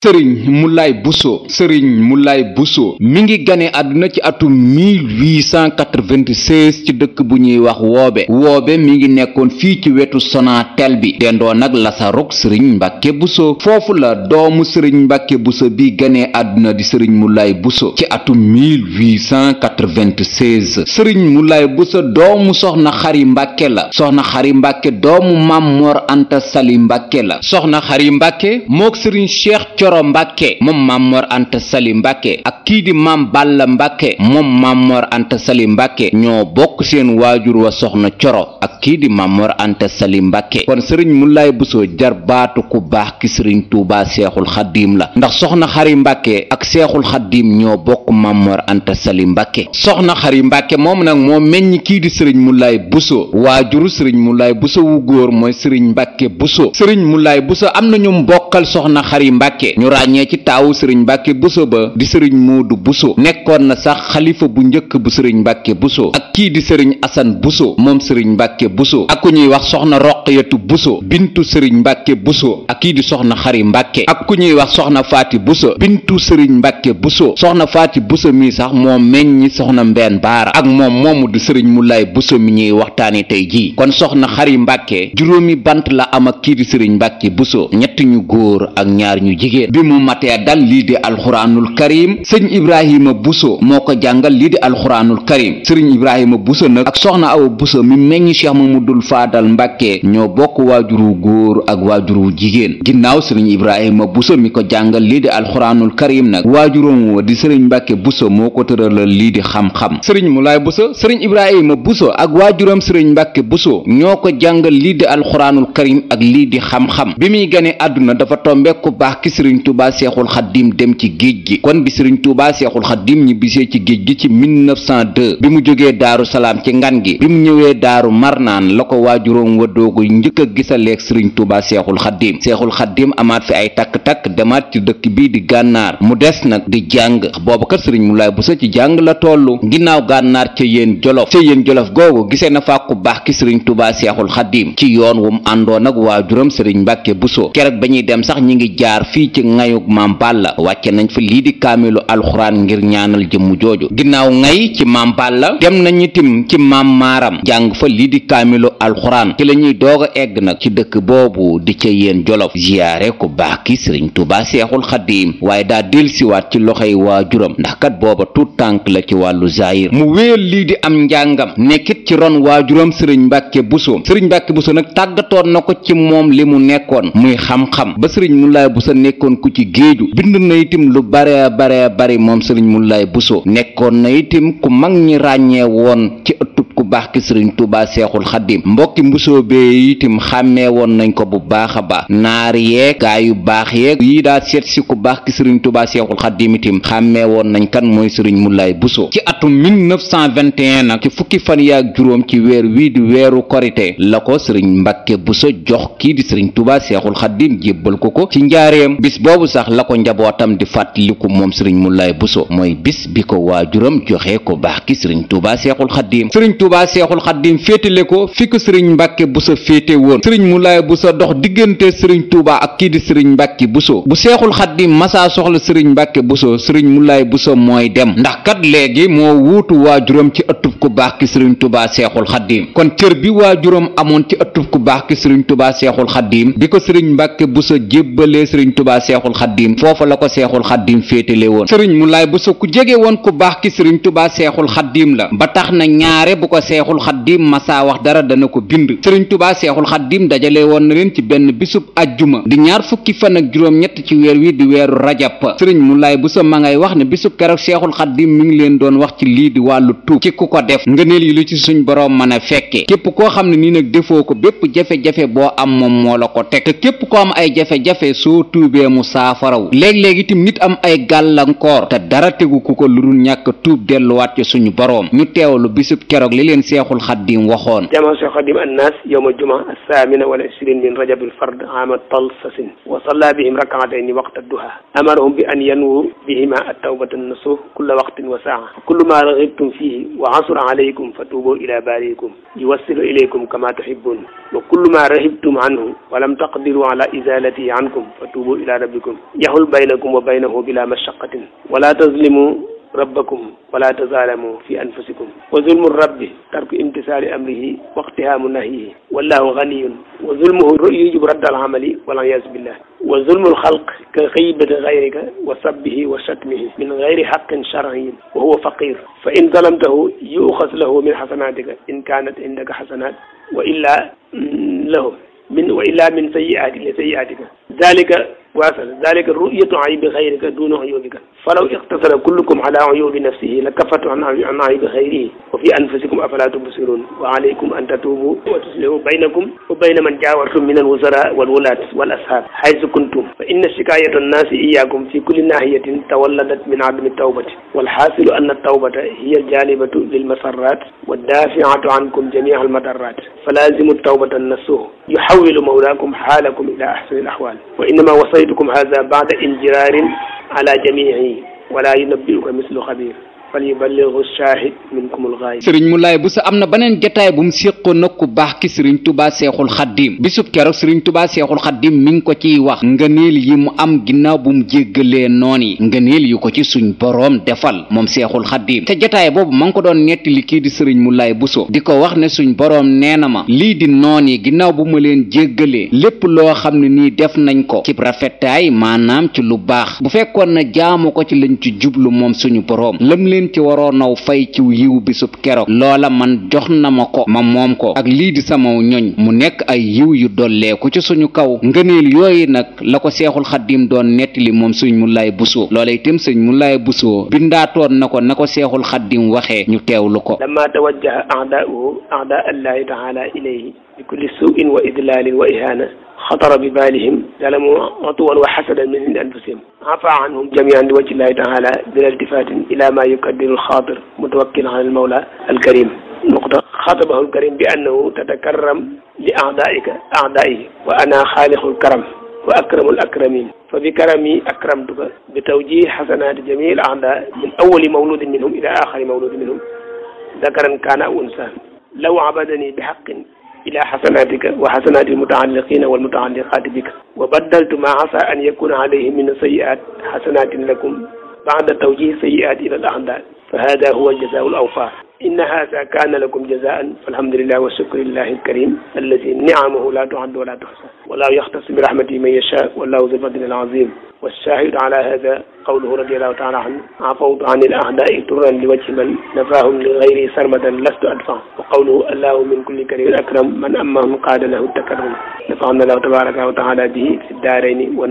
sëriñ Moulay Bousso sëriñ Moulay buso mi ngi gane àdduna ci atum 1896 ci dëkk bu ñuy wax woobe woobe mi ngi nekkoon fii ci wetu Sonatel bi dendoo nag lasaruk sëriñ Mbàkke Bousso foofu la doomu sëriñ Mbàkke Bousso bi gane àdduna di sëriñ Moulay Bousso ci atum 1896 sëriñ Moulay Bousso doomu soxna Xari Mbàkke la soxna Xari Mbàkke doomu Maam Mor Anta Sali Mbàkke la soxna Xari Mbàkke mook sëriñ Cheikh coro mbàkke moom mamor anta sali mbàkke ak kii di maam balla mbàkke moom mamor anta sali mbàkke ñoo bokk seen waajur wa soxna coro ak kii di mamor anta sali mbàkke kon sëriñ Moulay Bousso jar baatu ku baax ki sëriñ Touba seexul xaddiim la ndax soxna xari mbàkke ak seexul xaddiim ñoo bokk mamor anta sali mbàkke soxna xari mbàkke moom nag moo meññ kii di sëriñ Moulay Bousso waajuru sëriñ Moulay Bousso wu góor mooy sëriñ mbàkke Bousso sëriñ Moulay Bousso am na ñu mbokkal soxna xari mbàkke mbàkke ñu ràññee ci taawu sëriñ mbàkke buso ba di sëriñ du buso nekkoon na sax xalifa bu njëkk bu sëriñ mbàkke buso ak kii di sëriñ asan buso moom sëriñ mbàkke buso ak ku ñuy wax soxna roqiyatu buso bintu sëriñ mbàkke buso ak kii di soxna xari mbàkke ak ku ñuy wax soxna faati buso bintu sëriñ mbàkke buso soxna faati buso mi sax moo meññi soxna mbenn baara ak moom moomu di sëriñ mulaay buso mi ñuy waxtaane tey jii kon soxna xari mbàkke juróomi bant la am ak kii di sëriñ mbàkke buso ñett ñu góor ak ñaar jigéen bi mu matee dal lii di alxuraanul karim sëñ ibrahima buso moo ko jàngal lii di alxuraanul karim sëriñ ibrahima buso nag ak soxna awa buso mi meññ cheikh mamadul faadal mbàkke ñoo bokk waajuru góor ak waajuru jigéen ginnaaw sëriñ ibrahima buso mi ko jàngal lii di alxuraanul karim nag waajuróom wa di sëriñ mbàkke buso moo ko tëralal lii xam-xam sëriñ mulaay buso sëriñ ibrahima buso ak waajuram sëriñ mbàkke buso ñoo ko jàngal lii di alxuraanul karim ak lii di xam-xam bi muy gane àdduna dafa tombe baax ki sëriñ tuuba seexul xaddim dem ci géej gi kon bi sëriñ tuuba seexul xaddim ñibbisee ci géej gi ci 1902 bi mu jógee daaru salaam ci ngan gi bi mu ñëwee daaru marnaan la ko waajuróom waddoogu njëkk a gisaleeg sëriñ tuuba seexul xaddim seexul xaddim amaat fi ay takk-takk demaat ci dëkk bii di gànnaar mu des nag di jàng boobu kat sëriñ Moulay Bousso ci jàng la tollu ginnaaw gànnaar ca yéen jolof ca yéen jolof googu gisee na fa ku baax ki sëriñ tuuba seexul xaddim ci yoon wum àndoon ak waajuram sëriñ mbàkke buso keroog ba ñuy dem sax ñi ngi jaar ci ŋayuk maam Balla wàcce nañ fa lii di kaamilu alxuraan ngir ñaanal jëmm jooju ginnaaw ŋay ci maam la dem nañ itim ci maam maaram jàng fa lii di kaamilu alxuraan ci la ñuy doog a egg nag ci dëkk boobu di ca yéen jolof ziyaare ko baax ki sëriñ Tuubaa Seexul Xadiim waaye daa delsiwaat ci loxo yi waajuram ndax kat booba tuut tànk la ci wàllu zaayir mu wéel lii di am njàngam nekkit ci ron waajuram sëriñ Mbàkke Buso sëriñ Mbàkke Buso nag tàggatoon nekkoon ku ci géeju bind na itam lu bare bare bari moom sëriñ Moulaye Bousso nekkoon na itam ku mag ñi ràññee woon ci ëttub ku baax ki sëriñ Touba Seexul Xaddim mbokki Bousso bee itam xàmmee woon nañ ko bu baax a baax naar yeeg yu baax yeeg yii daa seet si ku baax ki sëriñ Touba Seexul Xaddim itam xàmmee woon nañ kan mooy sëriñ Moulaye Bousso ci atum 1921 nag ci fukki fan yaak juróom ci weer wii di weeru korite la ko sëriñ Mbàkke Bousso jox kii di sëriñ Touba Seexul Xaddim jébbal ko ko ci njaareem boobu sax la ko njabootam di fàttaliku moom sëriñ bu Bousso mooy bis bi ko waajuram joxe ko baax ki sëriñ Touba Seexul Xaddiim sëriñ Touba Seexul Xaddiim féetale ko fi ko sëriñ Mbàkke Bousso féete woon sëriñ Moulay Bousso dox diggante sëriñ Touba ak kii di sëriñ Mbàkke Bousso bu Seexul Xaddiim masaa soxla sëriñ Mbàkke Bousso sëriñ Moulay Bousso mooy dem ndax kat léegi moo wuutu waajuram ci ëttub ko baax ki sëriñ Touba Seexul Xaddiim kon cër bi waajuram amoon ci ëttub ku baax ki sëriñ Touba Seexul Xaddiim bi ko sëriñ Mbàkke Bousso jébbalee sëriñ Touba seexul xaddiim foofa la ko seexul xaddiim féetale woon sëriñ mu laay bu sa ku jege woon ku baax ki sëriñ tubaa seexul xaddiim la ba tax na ñaare bu ko seexul xaddiim masaa wax dara dana ko bind sëriñ tubaa seexul xaddiim dajale woon na leen ci benn bisub ajjuma di ñaar fukki fan ak juróom-ñett ci weer wi di weeru rajab sëriñ mu laay bu sa ma ngay wax ne bisub keroog seexul xaddiim mu ngi leen doon wax ci lii di wàllu tuub ci ku ko def ngëneel yi lu ci suñ boroom mën a képp koo xam ne nii nag defoo ko bépp jafe-jafe boo am moom moo la ko teg képp ko am ay jafe-jafe soo tuubee loolee mu saafaraw léeg-léeg itam nit am ay gàllankoor te dara tegu ku ko lu dul ñàkk tuub delluwaat ci suñu boroom ñu teewlu bisub keroog li leen seexul xaddim waxoon jamono seexul xaddim annaas yowma juma asaamina wal ishrin min rajabil fard ama talsasin wa salla bihim rakaatayni waqta duha amarahum bi an yanwu bihima attawbata nasuh kulla waqtin wa saa kullu ma raghibtum fihi wa asura alaykum fa tuubu ila baarikum yuwassilu ilaykum kama tuhibbun wa kullu ma rahibtum anhu wa lam taqdiru ala izalatihi ankum fa tuubu ila ila rabbikum yaxul baynakum wa baynahu bila mashaqatin wala tazlimu rabbakum wala tazalamu fi anfusikum wa zulmu rabbi tarku imtisaali amrihi waqtihaamu nahyihi wallahu ganiyun wa zulmuhu yujib raddal amali wala yas billah wa zulmul xalq ka xëybati gayrika wa sabbihi wa shatmihi min gayri xaqin sharciyin wa huwa faqir fa in zalamtahu yuxas lahu min xasanatika in kaanat indaka xasanat wa illa mm, lahu min wa illa min sayiaati li sayiaatika dalika واصل ذلك رؤية عيب غيرك دون عيوبك فلو اقتصر كلكم على عيوب نفسه لكفت عن عيب غيره وفي أنفسكم أفلا تبصرون وعليكم أن تتوبوا وتصلحوا بينكم وبين من جاورتم من الوزراء والولاة والأصحاب حيث كنتم فإن شكاية الناس إياكم في كل ناحية تولدت من عدم التوبة والحاصل أن التوبة هي الجالبة للمسرات والدافعة عنكم جميع المضرات فلازم التوبة النسوه يحول مولاكم حالكم إلى أحسن الأحوال وإنما وصل ataytukum haza bada injirarin ala jamihi wala yunabbiuka mislu xabir sëriñ yuballighu shaahid minkumul am na beneen jotaay bu mu séqoon nag ku baax ki sëriñ tubaa seexul xaddiim bisub keroog sëriñ tubaa seexul xaddiim mi ngi ko ciy wax ngëneel yi mu am ginnaaw bu mu jéggalee noon yi ngëneel yi ko ci suñ boroom defal moom seexul xaddiim te jotaay boobu ma ngi ko doon netti li kii di sëriñ Moulay Bousso di ko wax ne suñ boroom nee na ma lii di noon yi ginnaaw bu ma leen jéggalee lépp loo xam ne nii def nañ ko ci rafetaay maanaam ci lu baax bu fekkoon na jaamu ko ci lañ ci jublu moom suñu leen ci waroo naw fay ciw yiw bisub keroog loola man jox na ma ko ma moom ko ak lii di sama ñoñ mu nekk ay yiw yu dolleeku ci suñu kaw ngëneel yooyu nag la ko seexul xaddiim doon nettali moom sëñ Moulaye Bousso loola itam sëñ Moulaye Bousso bindaatoon na ko na ko seexul xaddiim waxee ñu teew lu ko lama tawajjaha a'daa'uhu a'daa allahi ta'ala ilayhi bi kulli su'in wa idlalin wa ihana xatara bi baalihim zalamu otuwan wa xasadan min indi anfusihim afa anhum jamian li wajhi llahi taala bila iltifatin ila ma yukaddiru alxaatir mutawakkil ala almawla alkarim nuqta xatabahu alkarim bi annahu tatakarram li aadaika aadaihi wa ana xaalixul karam wa akramul akramin fa bi karami akramtuka bi tawjih xasanati jamii al aadaa min awali mawludin minhum ila axari mawludin minhum dakaran kaana aw unsa law abadani bi xaqin ila xasanatika wa xasanaati almutaalliqina walmutaalliqaati bika wa baddaltu ma asa an yakuna alayhim min sayiat xasanatin lakum bada tawjih sayiat ila al aada fa hada huwa aljazaau alawfa inna hada kaana lakum jazaan falhamdulilah wa shukru lillahi alkarim allazi niamahu la tuaddu wala tuxsa wallahu yaxtasu bi rahmatihi man yasha wallahu zul fadli alazim والشاهد على هذا qawluhu radiallahu taala an afawtu an il ahdai turan li wajhi man nafaahum li gayri sarmadan lastu adfa wa qawluhu allahu min kulli karimin akram man ammahum qaadalahu takarum nafaana allahu tabaraka wa taala bihi fi daarayni wa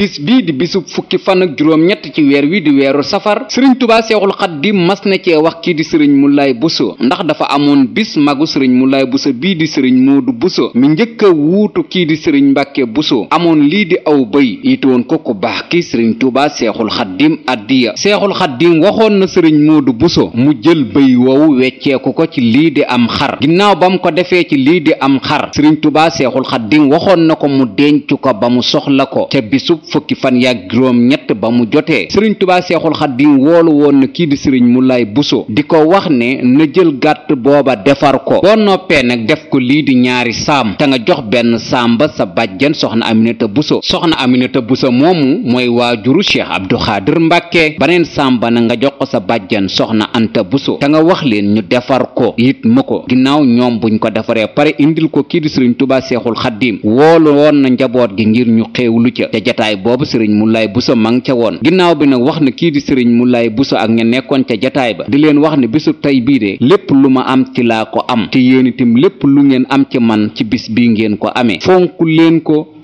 bis bii di bisub fukki fan ak juróom-ñett ci weer wi di weeru safar sëriñ tubaa seexul xaddim mas na cee wax kii di mu Moulay Bousso ndax dafa amoon bis magu sëriñ Moulay Bousso bii di sëriñ Moodu Bousso mi njëkk a wuutu kii di sëriñ Mbàkke Bousso amoon lii di aw bëy yituwoon ko ko baax ki sëriñ tuuba seexul xaddim addiya seexul xaddim waxoon na sëriñ moodu buso mu jël bëy woowu wecceeku ko ci lii di am xar ginnaaw ba mu ko defee ci lii di am xar sëriñ tuuba seexul xaddim waxoon na ko mu denc ko ba mu soxla ko ca bisub fukki fan yaag juróom ñett ba mu jotee sëriñ tuuba seexul xaddim woolu woon na kii di sëriñ mulaay buso di ko wax ne na jël gàtt booba defar ko boo noppee nag def ko lii di ñaari saam te nga jox benn saam sa bàjjen soxna aminata moomu mooy waajuru cheikh abdu xaadir mbàkke baneen sàmba na nga jox ko sa bàjjan soxna anta buso te nga wax leen ñu defar ko it ma ko ginnaaw ñoom buñ ko defaree pare indil ko kii di sëriñ tubaa seexul xaddiim woolu woon na njaboot gi ngir ñu xéewlu ca ca jataay boobu sëriñ mu mulaay buso mang ca woon ginnaaw bi nag wax na kii di sëriñ mulaay buso ak ña nekkoon ca jataay ba di leen wax ne bisu tey biire lépp lu ma am ci laa ko am te yéen itam lépp lu ngeen am ci man ci bis bii ngeen ko amee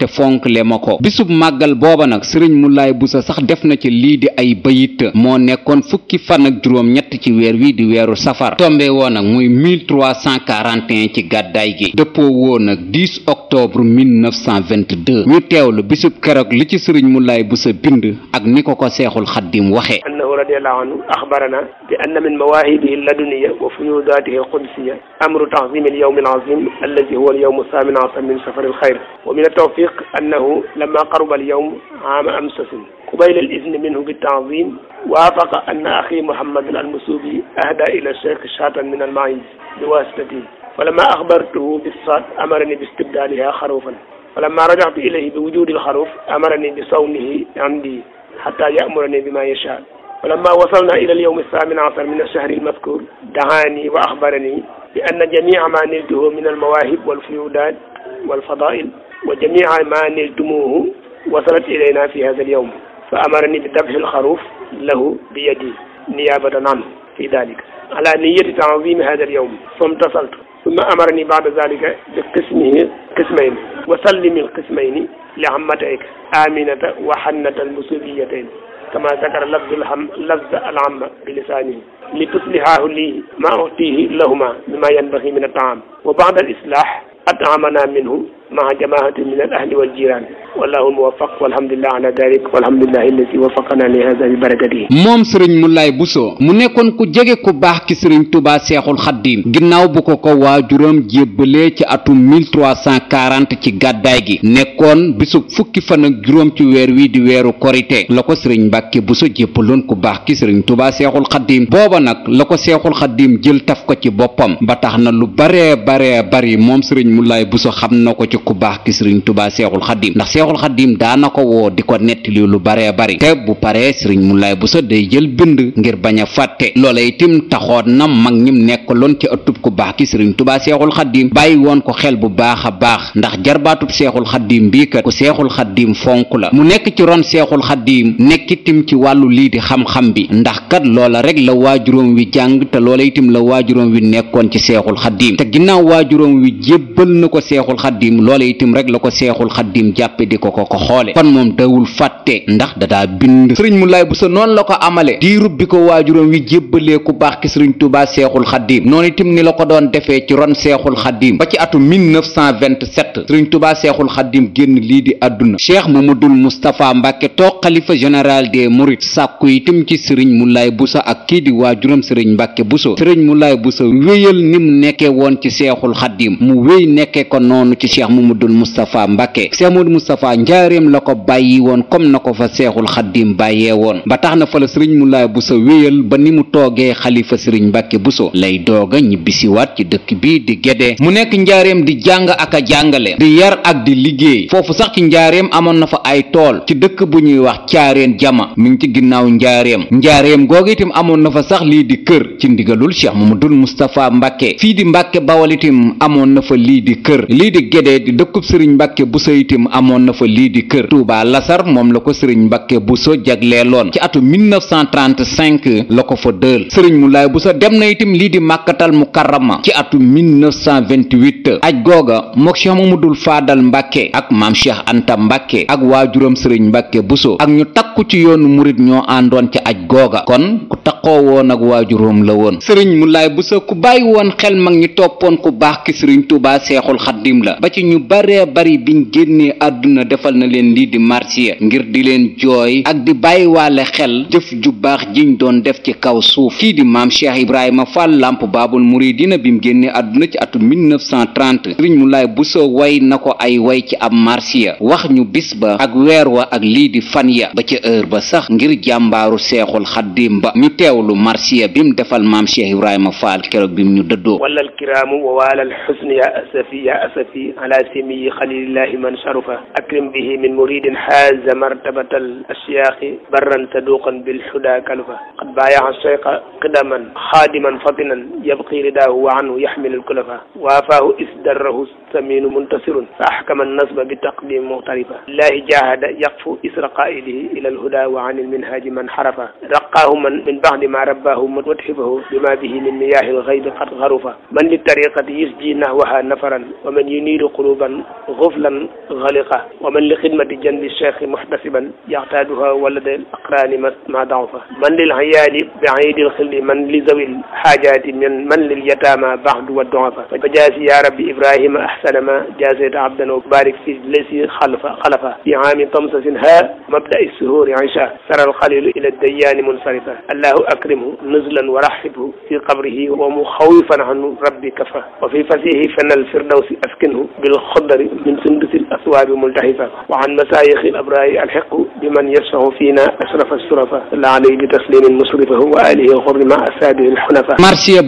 te fonkle ma ko bisub màggal booba nag sëriñ Moulaye Bousso sax def na ci lii di ay bayit moo nekkoon fukki fan ak juróom ñett ci weer wi di weeru safar tombe woon nag muy 1341 ci gàddaay gi dëppoo woon nag 10 octobre 1922 ñu teewlu bisub keroog li ci sëriñ Moulaye Bousso bind ak ni ko ko seexul xaddim waxe annahu radiyallahu anhu axbarana bi anna min mawaahibihi laduniya wa fuyudaatihi qudsiya amru taxzim al yawm al azim alladi huwa al yawm min safar al xayr الصديق أنه لما قرب اليوم عام أمسس قبيل الإذن منه بالتعظيم وافق أن أخي محمد المسوبي أهدى إلى الشيخ شاة من المعيز بواسطتي فلما أخبرته بالصاد أمرني باستبدالها خروفا فلما رجعت إليه بوجود الخروف أمرني بصونه عندي حتى يأمرني بما يشاء ولما وصلنا إلى اليوم الثامن عشر من الشهر المذكور دعاني وأخبرني بأن جميع ما نلته من المواهب والفيودات والفضائل wa jamiia ma niltumuuhu wasalat ilayna fi hada alyawm fa amarani bi dabhi alxaruuf lahu bi yadi niyaabatan anhu fi dalika ala niyati taazimi hada alyawm famtasaltu summa amarani bada dalika bi qismihi qismayn wa sallimi alqismayni li ammatayka aminata wa hannata almusibiyatayn kama zakara lafz alham lafz alamma bi lisanihi li tuslihahu lii ma utihi lahuma mima yanbaxi min ataam wa bada alislah atamana minhu maa jamaati min al ahli wal jiraan moom sëriñ Moulay Bousso mu nekkoon ku jege ku baax ki sëriñ tubaa seexul xaddiim ginnaaw bu ko ko waajuram jébbalee ci atum 1340 ci gàddaay gi nekkoon bisub fukki fan juróom ci weer wii di weeru korite la ko sëriñ mbàkke Bousso jébbaloon ku baax ki sëriñ tubaa seexul xaddiim booba nag la ko seexul xaddiim jël taf ko ci boppam ba tax na lu baree baree bari moom sëriñ Moulay Bousso xam na ko ci ku baax ki sëriñ tubaa seexul xaddiim ndax seexul xaddiim daana ko woo di ko nettali lu baree bari te bu paree sëriñ mu laay bu sa day jël bind ngir bañ a fàtte loola itim taxoon na mag ñim loon ci ëttub ku baax ki sëriñ tubaa seexul xaddiim bàyyi woon ko xel bu baax a baax ndax jarbaatub seexul xaddiim bii kat ku seexul xaddiim fonk la mu nekk ci ron seexul xaddiim nekk itim ci wàllu lii di xam-xam bi ndax kat loola rek la waajuróom wi jàng te loola itim la waajuróom wi nekkoon ci seexul xaddiim loola itam rek la ko seexul xaddim jàppe di ko ko ko xoole kon moom dawul fàtte ndax dadaa bind sëriñ mu laay bu sa noonu la ko amale diirub bi ko waajuram wi jébbalee ku baax ki sëriñ tubaa seexul xaddim noonu itam ni la ko doon defee ci ron seexul xaddim ba ci atu 1927 sëriñ tubaa seexul xaddim génn lii di àdduna cheikh mamadul moustapha mbàkke toog xalifa général des mourides sàkku itam ci sëriñ mu laay bu sa ak kii di waajuram sëriñ mbàkke bu sa sëriñ mu laay bu sa wéyal ni mu nekkee woon ci seexul xaddim mu wéy nekkee ko mamadul mustapha mbàkke seex mamadu mustapha njaareem la ko bàyyi woon comme na ko fa seexul xaddim bàyyee woon ba na fa la sëriñ mulaay buso wéyal ba ni mu toogee xalifa sëriñ mbàkke buso lay dooga ñibbisiwaat ci dëkk bii di gédee mu nekk njaareem di jàng ak a jàngale di yar ak di liggéey foofu sax ci njaareem amoon na fa ay tool ci dëkk bu ñuy wax caareen jama mi ngi ci ginnaaw njaareem njaareem googu itam amoon na fa sax lii di kër ci ndigalul cheikh mamadul mustapha mbàkke fii di mbàkke bawal itam amoon na fa lii di kër lii di gédee léegi dëkkub sëriñ mbàkke buso itim amoon na fa lii di kër tuubaa lasar moom la ko sëriñ mbàkke buso jagleeloon ci atu 1935 la ko fa dël sëriñ mu laay buso dem na itim lii di màkkatal mu karama ci atu 1928 aj googa mook cheikh mamadul faadal mbàkke ak maam cheikh anta mbàkke ak waajuram sëriñ mbàkke buso ak ñu takku ci yoonu murit ñoo àndoon ca aj googa kon ku takkoo woon ak waajuram la woon sëriñ mu laay buso ku bàyyi woon xel mag ñi toppoon ku baax ki sëriñ tuubaa la ba ci ñu baree bari biñ génnee àdduna defal na leen lii di marsiya ngir di leen jooy ak di bàyyiwaale xel jëf ju baax jiñ doon def ci kaw suuf kii di maam cheikh ibrahima fall lamp baabul muridina bi mu génnee àdduna ci atum 1930 sëriñ mu laay buso way na ko ay way ci ab marsiya wax ñu bis ba ak weer wa ak lii di fan ya ba ca heure ba sax ngir jàmbaaru seexul xaddim ba ñu teewlu marsiya bi mu defal maam cheikh ibrahima fall keroog bi ñu dëddoo القاسمي خليل الله من شرفه أكرم به من مريد حاز مرتبة الأشياخ برا صدوقا بالحدى كلفة قد بايع الشيخ قدما خادما فطنا يبقي رداه وعنه يحمل الكلفة وافاه إذ دره السمين منتصر فأحكم النصب بتقديم مغترفة الله جاهد يقف إسر قائده إلى الهدى وعن المنهاج من حرف رقاه من من بعد ما رباه وتحبه بما به من مياه الغيب قد غرف من للطريقة يسجي نحوها نفرا ومن ينير قلوب mahbuban xuflan xaliqa wa man li xidmati janbi cheikhi muhtasiban yaxtaaduha wala del aqraani ma ma daw fa man lil hayaali baidil xilli man li zawil xaajaati min man lil yataama baxdu wa don fa fa jaasi ya rabbi ibrahima ahsana ma jaasayta abdan wa barik fi lesi xalfa xalafa fi aami tamsasin ha mabda'i suhuri isha sara alxalilu ila dayyaani munsarifa allahu akrimhu nuzlan wa rahibhu fi qabrihi wa mu xawifan anhu rabbi kafa wa fi fasihi fanal firdawsi askinhu bil الخضر من سندس الأثواب ملتحفة وعن مسايخ الأبرار الحق بمن يشفع فينا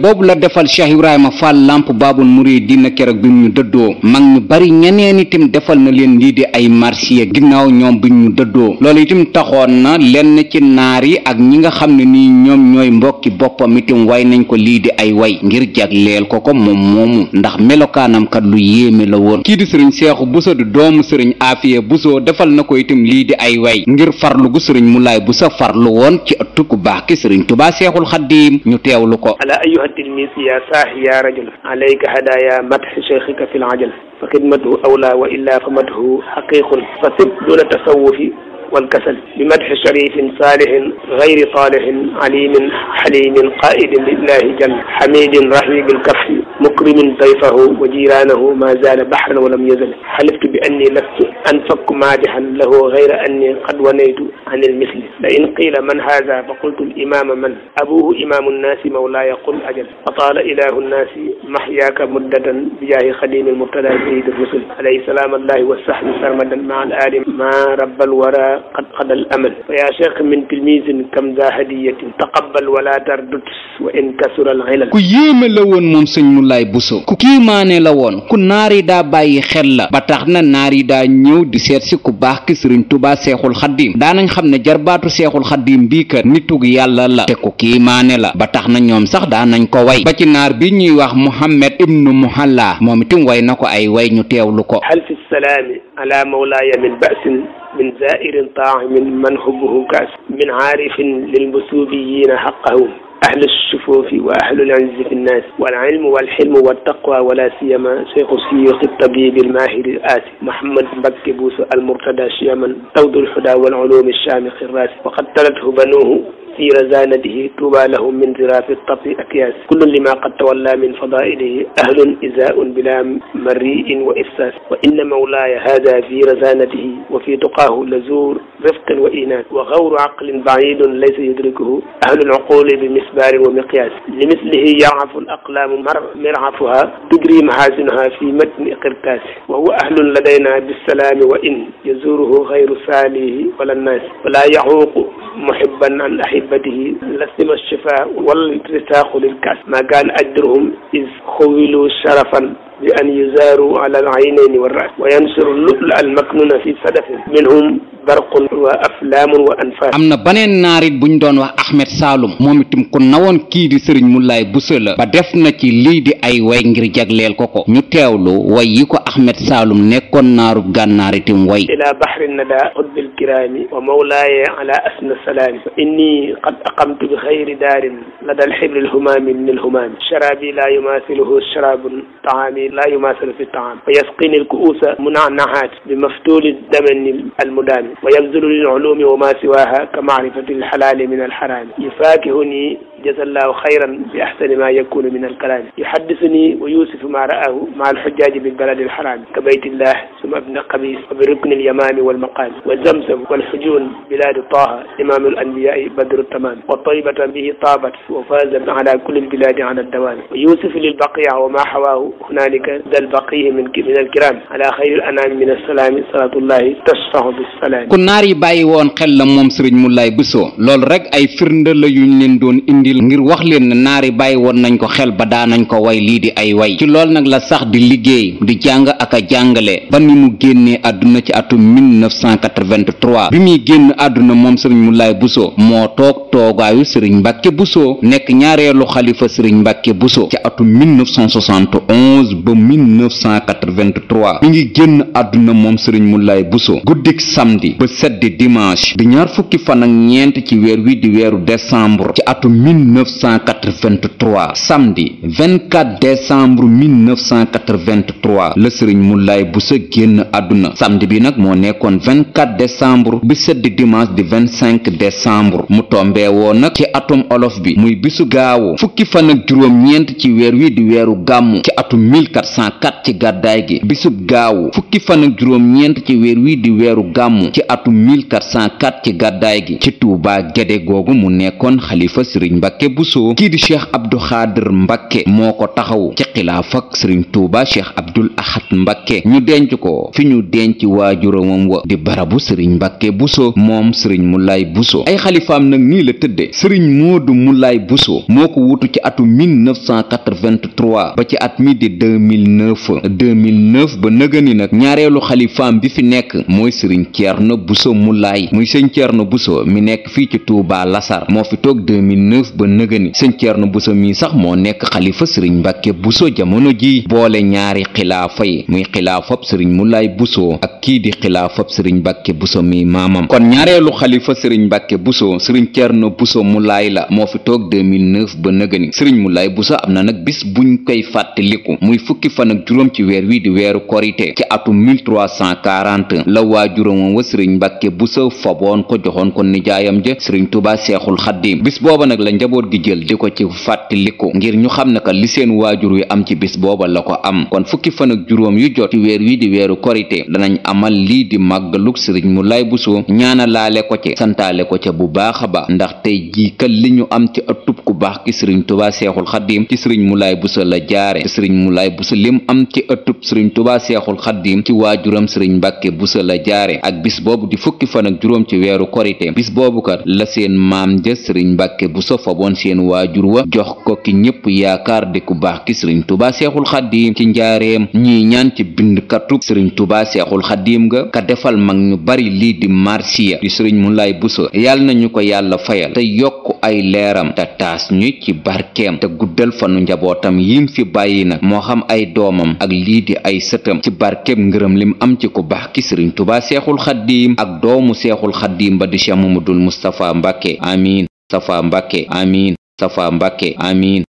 boobu la defal Cheikh Ibrahima Fall làmp Baabul Muridiina keroog bi mu ñu dëddoo mag ñu bari ñeneen itam defal na leen lii di ay marsiya ginnaaw ñoom bi ñu dëddoo loolu itam taxoon na lenn ci naar yi ak ñi nga xam ne nii ñoom ñooy mbokki boppam itam way nañ ko lii di ay way ngir leel ko ko moom moomu ndax melokaanamkat kat lu yéeme la woon kii di sëriñ seexu buso di doomu sëriñ aafiya soo defal na ko itam lii di ay waay ngir farlu gu sëriñ mulaay buso farlu woon ci ëttu ku baax ki sëriñ tubaa seexul xaddiim ñu teewlu ko ala ayyuha tilmis ya saahi ya rajul alayka hadaya madhi cheikhika fi l ajal fa xidmatu awla wa illa fa madhu xaqiqun fa sib duna tasawufi والكسل بمدح شريف صالح غير طالح عليم حليم قائد لله جل حميد رحي بالكف مكرم ضيفه وجيرانه ما زال بحرا ولم يزل حلفت anni lastu anfakku maadihan lahu gayra anni qad wanaytu an il misli la in qiila man haada fa qultu l imaama man abuhu imaamu nnaasi mawlaaya qul ajal fa taala ilahu nnaasi mahyaaka muddatan bijaahi xadimi lmurtada sayid rusul alayhi salaam allahi wa sahbi sarmadan ma al ali ma rabbal wara qad qadal amal fa yaa cheikh min tilmisin kam za hadiyatin taqabbal wala tardut wa in kasural xilal ku yéeme la woon moom sëñ Moulay Bousso ku kiimaane la woon ku naari daa bàyyi xel la ba tax na naar yi daa ñëw di seet si ku baax ki sëriñ tubaa seexul xaddiim daanañ xam ne jarbaatu seexul xaddiim bii kat nitug yàlla la te ku kiimaane la ba tax na ñoom sax daanañ ko way ba ci naar bi ñuy wax muhammad ibnu muhalla moom itam way na ko ay way ñu teewlu ko hal fi salaami ala mawlaaya min ba'sin min zairin taahimin man hubuhu kaas min aarifin lil musuubiyiina haqqahum ahlu sufuufi wa ahlul izzi fi nnaas wal ilmu wal xilmu wa taqwa wala siyama cheikhu siyuxi tabibi almahiri aasi Mouhamed Mbacke Bousso al Mourtada Chiaman tawdul huda wal ulumi shaamixi raasi waqad talathu banuuhu fi razanatihi tuuba lahu min zirafi tabbi akyaas kullun lima qad tawalla min fadailihi ahlun isaun bila mariin wa ifsas wa inna mawlaaya hada fi razanatihi wa fi duqaahu la zuur rifqin wa inaas wa gawru aqlin baidun laysa yudrikuhu ahlul uquli bi misbaarin wa miqyaas limislihi yarhafu al aqlaamu mar mirhafuha tujri mahasinuha fi matni qirtaas wa huwa ahlun ladayna bisalaami wa in yazuruhu gayru saalihi wala nnaas wala yahuuqu muhibban an ahib haibatihi lasima shifa wal risaaxu lil kas ma kaan ajruhum is xuwilu sharafan bi an yuzaaru ala al-aynayni wa ar-ra's wa yansuru lutla al-maknuna fi sadafin minhum barqun wa aflamun wa anfas am na baneen naarit buñ doon wax Ahmed Saloum moom itam ku nawoon kii di sëriñ Moulay Bousso la ba def na ci lii di ay way ngir jagleel ko ko ñu teewlu way yi ko Ahmed Saloum nekkoon naarub gànnaar itam way ila bahri nada xutbil kirami wa mawlaaya ala asna salaami fa inni qad aqamtu bi xayri daarin lada alxibril humaami min alhumaami sharabi la yumaasiluhu sharabun taami الذي لا يماثل في الطعام ويسقيني الكؤوس منعنعات بمفتول الدمن المدام ويبذل للعلوم وما سواها كمعرفة الحلال من الحرام يفاكهني jasallahu xayran bi ahsani ma yakunu min alkalaami yuhaddisuni wa yusifu ma ra'ahu ma alxujjaji bil baladi alxaraami ka baytillah suma abna qamis wa bi rukni alyamami walmaqaami wa zamzam walxujun biladi taha imam alanbiyai badru tamam wa taybatan bihi taabat wa faazat ala kulli albiladi ala addawaami wa yusifu lilbaqiya wa ma hawaahu hunalika dalbaqihi min min alkiram ala xayri alanami min assalaami salatullahi tasfahu bissalaami ku naar yi bàyyi woon xel la moom sëriñ Moulay Bousso loolu rek ay firnde la yuñ leen doon indi Jibril ngir wax leen ne naari bàyyi woon nañ ko xel ba daanañ ko way lii di ay way ci lool nag la sax di liggéey di jàng ak a jàngale ba ni mu génnee àdduna ci atum 1983 bi muy génn àdduna moom sëriñ Moulaye Bousso moo toog toogaayu sëriñ Mbàkke Bousso nekk ñaareelu xalifa sëriñ Mbàkke Bousso ci atum 1971 ba 1983 mi ngi génn àdduna moom sëriñ Moulaye Bousso guddik samdi ba seddi dimanche di ñaar fukki fan ak ñeent ci weer wi di weeru décembre ci atum 1983 samedi 24 décembre 1983 la sëriñ Moulay Bousso génn àdduna samedi bi nag moo nekkoon 24 décembre bi sëdd dimanche di 25 décembre mu tombewoo nag ci atum olof bi muy bisu gaawu fukki fan ak juróom-ñeent ci weer wi di weeru gàmmu ci atum 1404 ci gàddaay gi bisub gaawu fukki fan ak juróom-ñeent ci weer wi di weeru gàmmu ci atum 1404 ci gàddaay gi ci Tuubaa gede googu mu nekkoon xalifa sëriñ ba mbàkke buso kii di cheikh abdu xaadir mbakke moo ko taxaw ci xilaafak sëriñ tuuba cheikh abdul ahad mbàkke ñu denc ko fi ñu denc waajuramam wa di barabu sëriñ mbàkke buso moom sëriñ mulaay buso ay xalifaam nag nii la tëdde sëriñ moodu mulaay buso moo ko wutu ci atu 1983 ba ci at mi di 2009 2009 ba nëgëni nag ñaareelu xalifaam bi fi nekk mooy sëriñ ceerno buso mulaay muy sëriñ ceerno buso mi nekk fii ci tuuba lasar moo fi toog ba nëgëni sëñ Ceerno Buso mi sax moo nekk xalifa sëriñ Mbàkke Buso jamono ji boole ñaari xilaafa yi muy xilaafab sëriñ Mulaay Buso ak kii di xilaafab sëriñ Mbàkke Buso mi maamam kon ñaareelu xalifa sëriñ Mbàkke Buso sëriñ Ceerno Buso Mulaay la moo fi toog 2009 ba nëgëni sëriñ Mulaay Buso am na nag bis buñ koy fàttaliku muy fukki fan ak juróom ci weer wi di weeru korite ci atum 1340 la waajuram wa sëriñ Mbàkke Buso faboon ko joxoon ko nijaayam ja sëriñ Tuubaa Seexul Xaddiim bis booba nag lañ njaboot gi jël di ko ci fàttaliku ngir ñu xam ne ka li seen waajur wi am ci bis booba la ko am kon fukki fan ak juróom yu jot ci weer wi di weeru korite danañ amal lii di màggalug sëriñ mu lay busoo ñaanalaale ko ci santaale ko ca bu baax a baax ndax tey jii kat li ñu am ci ëttub ku baax ki sëriñ tubaa seexul xaddiim ci sëriñ mu lay buso la jaare ci sëriñ mu lay buso lim am ci ëttub sëriñ tubaa seexul xaddiim ci waajuram sëriñ mbàkke buso la jaare ak bis boobu di fukki fan ak juróom ci weeru korite oboon seen waajur wa jox ko ki ñëpp yaakaar di ku baax ki sëriñ tubaa seexul xaddiim ci njaareem ñii ñaan ci bindkatu sëriñ tubaa seexul xaddiim nga ka defal mag ñu bari lii di marsiya di sëriñ mu lay busa yàlla nañu ko yàlla fayal te yokk ay leeram te taas ñu ci barkeem te guddal fanu njabootam yim fi bàyyi nag moo xam ay doomam ak lii di ay sëtam ci barkeem ngërëm lim am ci ku baax ki sëriñ tubaa seexul xaddiim ak doomu seexul xaddiim ba di cheikh mamadul mustapha mbàkke amin Moustapha Mbacké amiin Moustapha Mbacké amiin